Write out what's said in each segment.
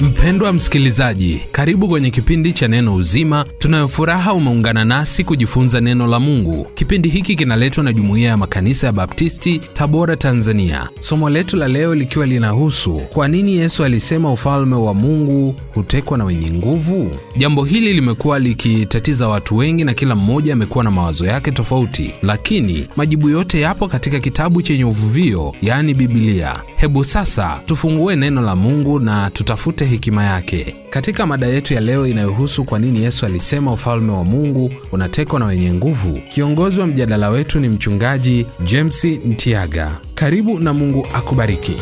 Mpendwa msikilizaji, karibu kwenye kipindi cha Neno Uzima. Tunayofuraha umeungana nasi kujifunza neno la Mungu. Kipindi hiki kinaletwa na Jumuiya ya Makanisa ya Baptisti, Tabora, Tanzania. Somo letu la leo likiwa linahusu kwa nini Yesu alisema ufalme wa Mungu hutekwa na wenye nguvu. Jambo hili limekuwa likitatiza watu wengi na kila mmoja amekuwa na mawazo yake tofauti, lakini majibu yote yapo katika kitabu chenye uvuvio, yani Biblia. Hebu sasa tufungue neno la Mungu na tutafute yote hekima yake katika mada yetu ya leo inayohusu kwa nini Yesu alisema ufalme wa Mungu unatekwa na wenye nguvu. Kiongozi wa mjadala wetu ni Mchungaji James Ntiaga. Karibu na Mungu akubariki.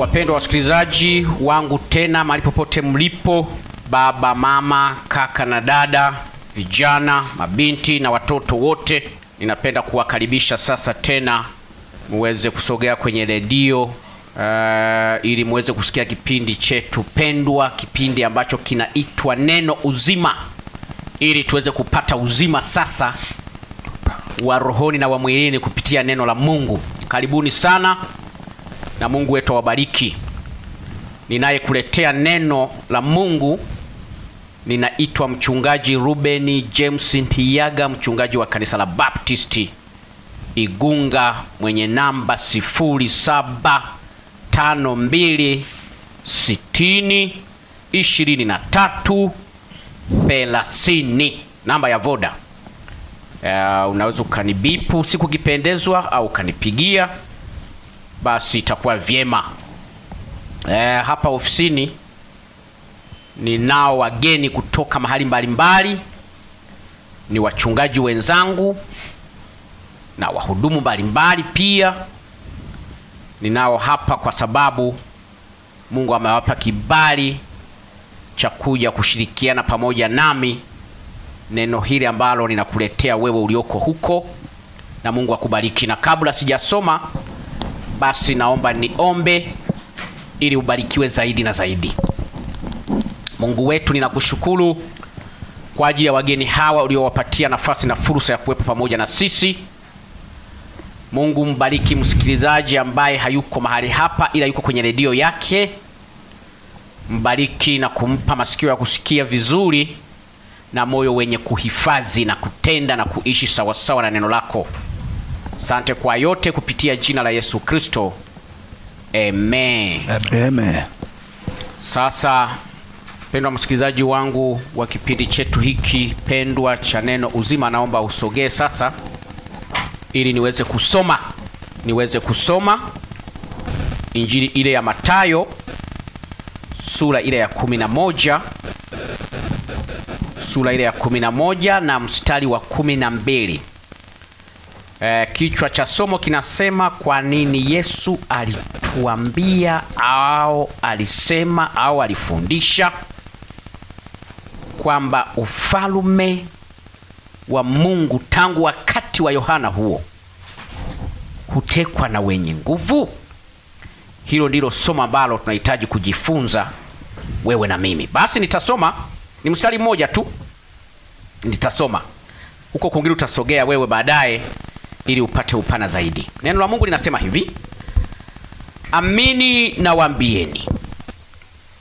Wapendwa wasikilizaji wangu, tena mahali popote mlipo, baba, mama, kaka na dada, vijana, mabinti na watoto wote, ninapenda kuwakaribisha sasa tena muweze kusogea kwenye redio uh, ili muweze kusikia kipindi chetu pendwa, kipindi ambacho kinaitwa Neno Uzima, ili tuweze kupata uzima sasa wa rohoni na wa mwilini kupitia neno la Mungu. Karibuni sana na Mungu wetu awabariki. Ninayekuletea neno la Mungu ninaitwa mchungaji ruben James Ntiyaga, mchungaji wa kanisa la Baptisti Igunga, mwenye namba 0752 60 23 30, namba ya voda. Uh, unaweza ukanibipu sikukipendezwa au ukanipigia basi itakuwa vyema. E, hapa ofisini ninao wageni kutoka mahali mbalimbali mbali, ni wachungaji wenzangu na wahudumu mbalimbali pia ninao hapa kwa sababu Mungu amewapa kibali cha kuja kushirikiana pamoja nami neno hili ambalo ninakuletea wewe ulioko huko, na Mungu akubariki. Na kabla sijasoma basi naomba niombe ili ubarikiwe zaidi na zaidi. Mungu wetu, ninakushukuru kwa ajili ya wageni hawa uliowapatia nafasi na fursa ya kuwepo pamoja na sisi. Mungu, mbariki msikilizaji ambaye hayuko mahali hapa ila yuko kwenye redio yake. Mbariki na kumpa masikio ya kusikia vizuri na moyo wenye kuhifadhi na kutenda na kuishi sawasawa na neno lako. Asante kwa yote kupitia jina la Yesu Kristo. Amen. Amen. Amen. Sasa pendwa msikilizaji wangu wa kipindi chetu hiki pendwa cha neno uzima, naomba usogee sasa ili niweze kusoma niweze kusoma Injili ile ya Mathayo sura ile ya kumi na moja sura ile ya kumi na moja na mstari wa kumi na mbili Eh, kichwa cha somo kinasema kwa nini Yesu alituambia au alisema au alifundisha kwamba ufalume wa Mungu tangu wakati wa Yohana huo hutekwa na wenye nguvu. Hilo ndilo somo ambalo tunahitaji kujifunza wewe na mimi. Basi nitasoma ni mstari mmoja tu, nitasoma huko kwingine, utasogea wewe baadaye ili upate upana zaidi. Neno la Mungu linasema hivi, amini nawaambieni,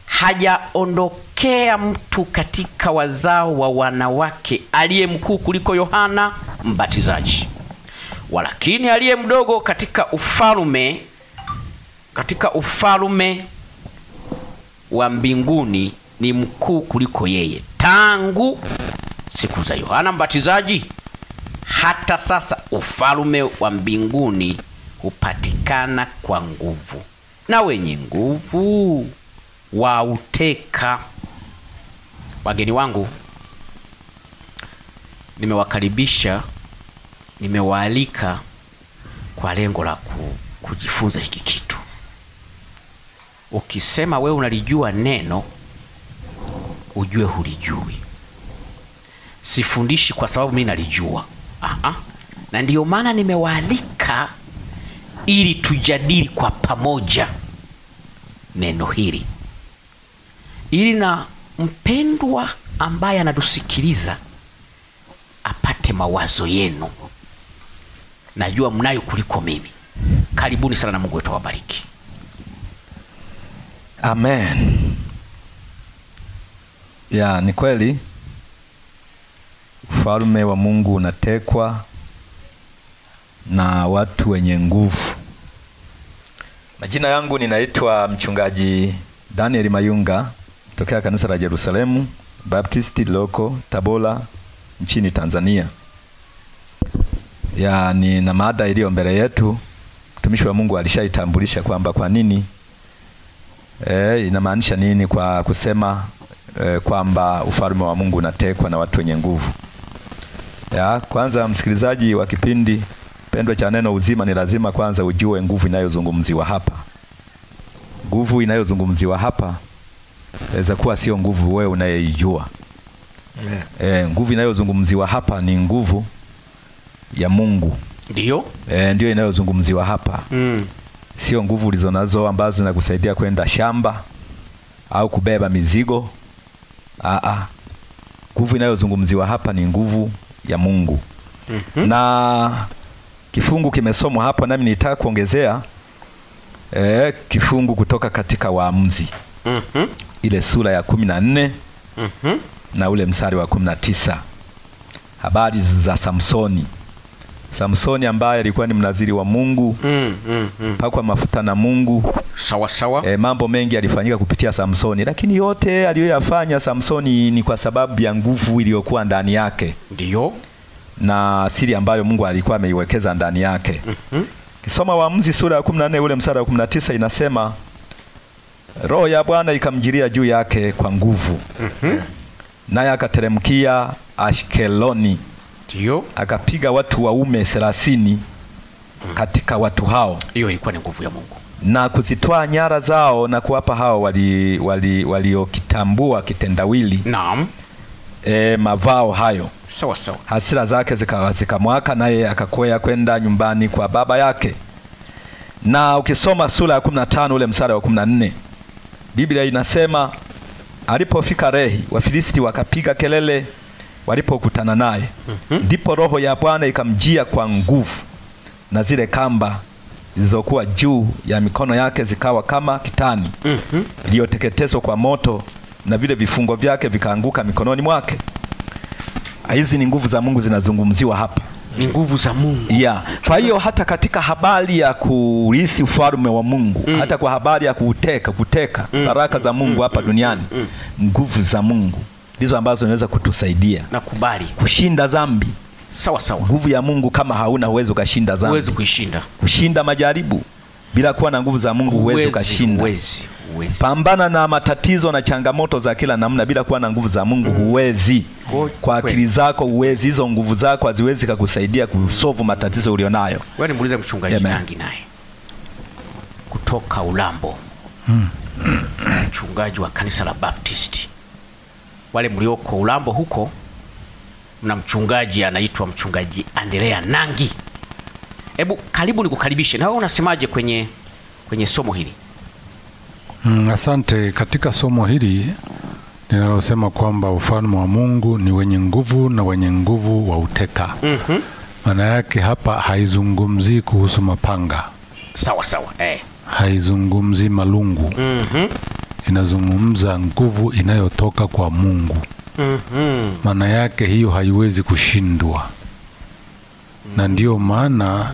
hajaondokea mtu katika wazao wa wanawake aliye mkuu kuliko Yohana Mbatizaji, walakini aliye mdogo katika ufalume katika ufalume wa mbinguni ni mkuu kuliko yeye. Tangu siku za Yohana Mbatizaji hata sasa ufalme wa mbinguni hupatikana kwa nguvu, na wenye nguvu wauteka. Wageni wangu, nimewakaribisha, nimewaalika kwa lengo la kujifunza hiki kitu. Ukisema we unalijua neno, ujue hulijui. Sifundishi kwa sababu mimi nalijua. Aha. Na ndiyo maana nimewaalika ili tujadili kwa pamoja neno hili, ili na mpendwa ambaye anatusikiliza apate mawazo yenu. Najua mnayo kuliko mimi. Karibuni sana na Mungu wetu awabariki. Amen. Ya, ni kweli Ufalme wa Mungu unatekwa na watu wenye nguvu. Majina yangu ninaitwa mchungaji Daniel Mayunga tokea kanisa la Jerusalemu Baptisti loko Tabora nchini Tanzania. Ya, ni na mada iliyo mbele yetu. Mtumishi wa Mungu alishaitambulisha kwamba kwa nini e, inamaanisha nini kwa kusema e, kwamba ufalme wa Mungu unatekwa na watu wenye nguvu ya kwanza, msikilizaji wa kipindi pendwa cha Neno Uzima, ni lazima kwanza ujue nguvu inayozungumziwa hapa. Nguvu inayozungumziwa hapa inaweza kuwa sio nguvu wewe unayeijua. E, nguvu inayozungumziwa hapa ni nguvu ya Mungu ndio, e, ndio inayozungumziwa hapa mm. Sio nguvu ulizonazo ambazo zinakusaidia kwenda shamba au kubeba mizigo. Ah, ah. nguvu inayozungumziwa hapa ni nguvu ya Mungu. mm -hmm. Na kifungu kimesomwa hapo, nami nitaka kuongezea e, kifungu kutoka katika Waamuzi mm -hmm. ile sura ya kumi na nne mm -hmm. na ule msari wa kumi na tisa habari za Samsoni. Samsoni ambaye alikuwa ni mnaziri wa Mungu mm -hmm. pakwa mafuta na Mungu sawa sawa. E, mambo mengi yalifanyika kupitia Samsoni, lakini yote aliyoyafanya Samsoni ni kwa sababu ya nguvu iliyokuwa ndani yake, ndio na siri ambayo Mungu alikuwa ameiwekeza ndani yake. mm -hmm. Kisoma Waamuzi sura ya 14 ule msara wa 19 inasema Roho ya Bwana ikamjiria juu yake kwa nguvu. mm -hmm. Naye akateremkia Ashkeloni. Ndio. Akapiga watu waume 30 mhm. Katika watu hao. Hiyo ilikuwa ni nguvu ya Mungu na kuzitoa nyara zao na kuwapa hao waliokitambua wali, wali kitendawili naam. E, mavao hayo so, so. Hasira zake zikamwaka naye akakwea kwenda nyumbani kwa baba yake. Na ukisoma sura ya 15 ule msara wa 14 Biblia inasema alipofika Rehi, Wafilisti wakapiga kelele walipokutana naye, mhm. ndipo mm -hmm. Roho ya Bwana ikamjia kwa nguvu na zile kamba zilizokuwa juu ya mikono yake zikawa kama kitani mm -hmm. iliyoteketezwa kwa moto na vile vifungo vyake vikaanguka mikononi mwake. Hizi ni nguvu za Mungu zinazungumziwa hapa, ni nguvu za Mungu yeah. Kwa hiyo hata katika habari ya kurisi ufalme wa Mungu mm. hata kwa habari ya kuteka kuteka mm. baraka za Mungu mm. hapa mm. duniani mm. nguvu za Mungu ndizo ambazo zinaweza kutusaidia na kubali kushinda dhambi sawa sawa. Nguvu ya Mungu kama hauna uwezo kashinda dhambi, Uwezo kushinda kushinda majaribu bila kuwa na nguvu za Mungu uwezo kashinda. Uwezi. Uwezi. Pambana na matatizo na changamoto za kila namna, bila kuwa na nguvu za Mungu huwezi. mm. Kwa akili zako huwezi, hizo nguvu zako haziwezi kukusaidia kusovu matatizo ulionayo. Wewe ni muulize mchungaji Nangi naye kutoka Ulambo, Mm. mchungaji wa kanisa la Baptist. wale mlioko Ulambo huko na mchungaji anaitwa mchungaji Andrea Nangi. Hebu karibu nikukaribishe, na wewe unasemaje kwenye kwenye somo hili? Mm, asante. Katika somo hili ninalosema kwamba ufalme wa Mungu ni wenye nguvu na wenye nguvu wa uteka. Mm-hmm. Maana yake hapa haizungumzii kuhusu mapanga. Sawa sawa. Eh. Haizungumzi malungu. Mm-hmm. Inazungumza nguvu inayotoka kwa Mungu mm -hmm. maana yake hiyo haiwezi kushindwa mm -hmm. na ndiyo maana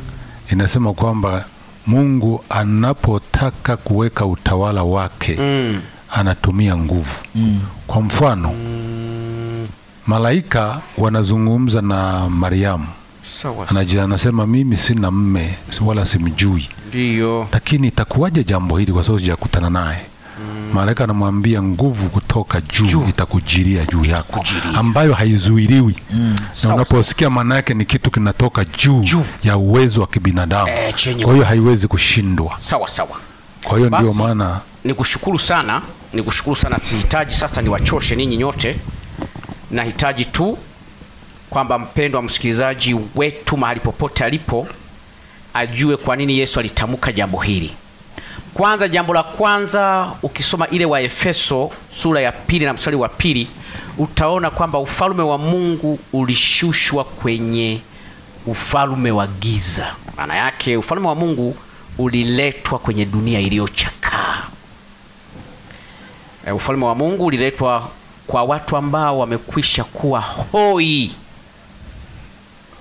inasema kwamba Mungu anapotaka kuweka utawala wake mm. anatumia nguvu mm. Kwa mfano mm. malaika wanazungumza na Mariamu sawa, anasema mimi sina mme wala simjui, ndio, lakini itakuwaje jambo hili kwa sababu sijakutana naye malaika anamwambia nguvu kutoka juu juu itakujilia juu yako kujiria, ambayo haizuiliwi mm. na unaposikia maana yake ni kitu kinatoka juu juu ya uwezo wa kibinadamu e, kwa hiyo haiwezi kushindwa. Sawa sawa. Kwa hiyo ndio maana nikushukuru sana, nikushukuru sana. Sihitaji sasa niwachoshe ninyi nyote, nahitaji tu kwamba mpendwa msikilizaji wetu mahali popote alipo ajue kwa nini Yesu alitamka jambo hili. Kwanza, jambo la kwanza ukisoma ile wa Efeso sura ya pili na mstari wa pili utaona kwamba ufalme wa Mungu ulishushwa kwenye ufalme wa giza. Maana yake ufalme wa Mungu uliletwa kwenye dunia iliyochakaa. E, eh, ufalme wa Mungu uliletwa kwa watu ambao wamekwisha kuwa hoi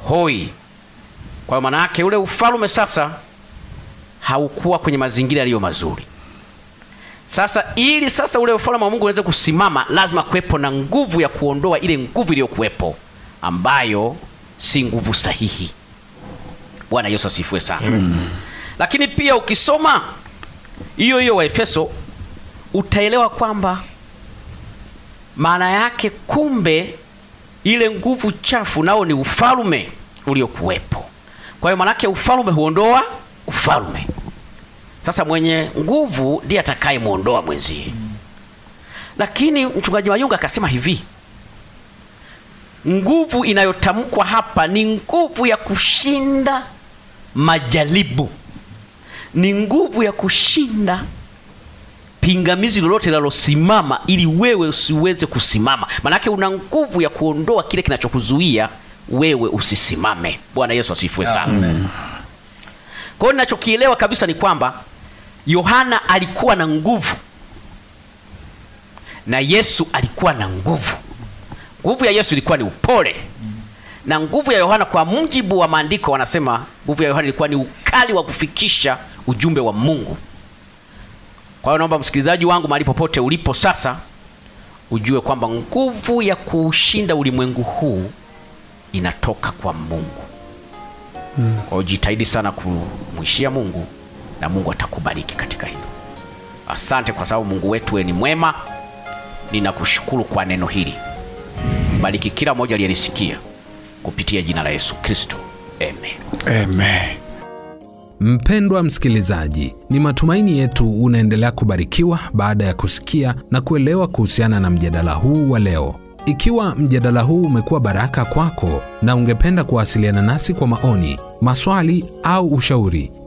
hoi. Kwa maana yake ule ufalme sasa haukuwa kwenye mazingira yaliyo mazuri. Sasa ili sasa ule ufalme wa Mungu uweze kusimama, lazima kuwepo na nguvu ya kuondoa ile nguvu iliyokuwepo ambayo si nguvu sahihi. Bwana Yesu asifiwe sana. Mm. Lakini pia ukisoma hiyo hiyo Waefeso utaelewa kwamba maana yake kumbe ile nguvu chafu nao ni ufalme uliokuwepo. Kwa hiyo maanake ufalme huondoa ufalme. Sasa mwenye nguvu ndiye atakayemwondoa mwenzie. Lakini mchungaji Mayunga akasema hivi, nguvu inayotamkwa hapa ni nguvu ya kushinda majaribu, ni nguvu ya kushinda pingamizi lolote linalosimama ili wewe usiweze kusimama. Maanake una nguvu ya kuondoa kile kinachokuzuia wewe usisimame. Bwana Yesu asifiwe sana. Kwa hiyo ninachokielewa kabisa ni kwamba Yohana alikuwa na nguvu na Yesu alikuwa na nguvu. Nguvu ya Yesu ilikuwa ni upole na nguvu ya Yohana, kwa mujibu wa maandiko, wanasema nguvu ya Yohana ilikuwa ni ukali wa kufikisha ujumbe wa Mungu. Kwa hiyo naomba msikilizaji wangu, mahali popote ulipo sasa, ujue kwamba nguvu ya kuushinda ulimwengu huu inatoka kwa Mungu. Hmm. Kwa hiyo jitahidi sana kumwishia Mungu na Mungu atakubariki katika hilo. Asante kwa sababu Mungu wetu ni mwema. Ninakushukuru kwa neno hili. Mbariki kila mmoja aliyelisikia kupitia jina la Yesu Kristo. Amen. Amen. Mpendwa msikilizaji, ni matumaini yetu unaendelea kubarikiwa baada ya kusikia na kuelewa kuhusiana na mjadala huu wa leo. Ikiwa mjadala huu umekuwa baraka kwako na ungependa kuwasiliana nasi kwa maoni, maswali au ushauri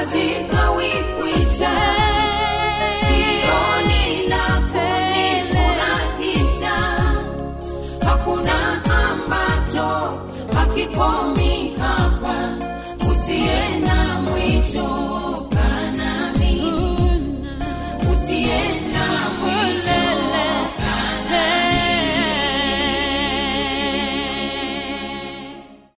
Aziz.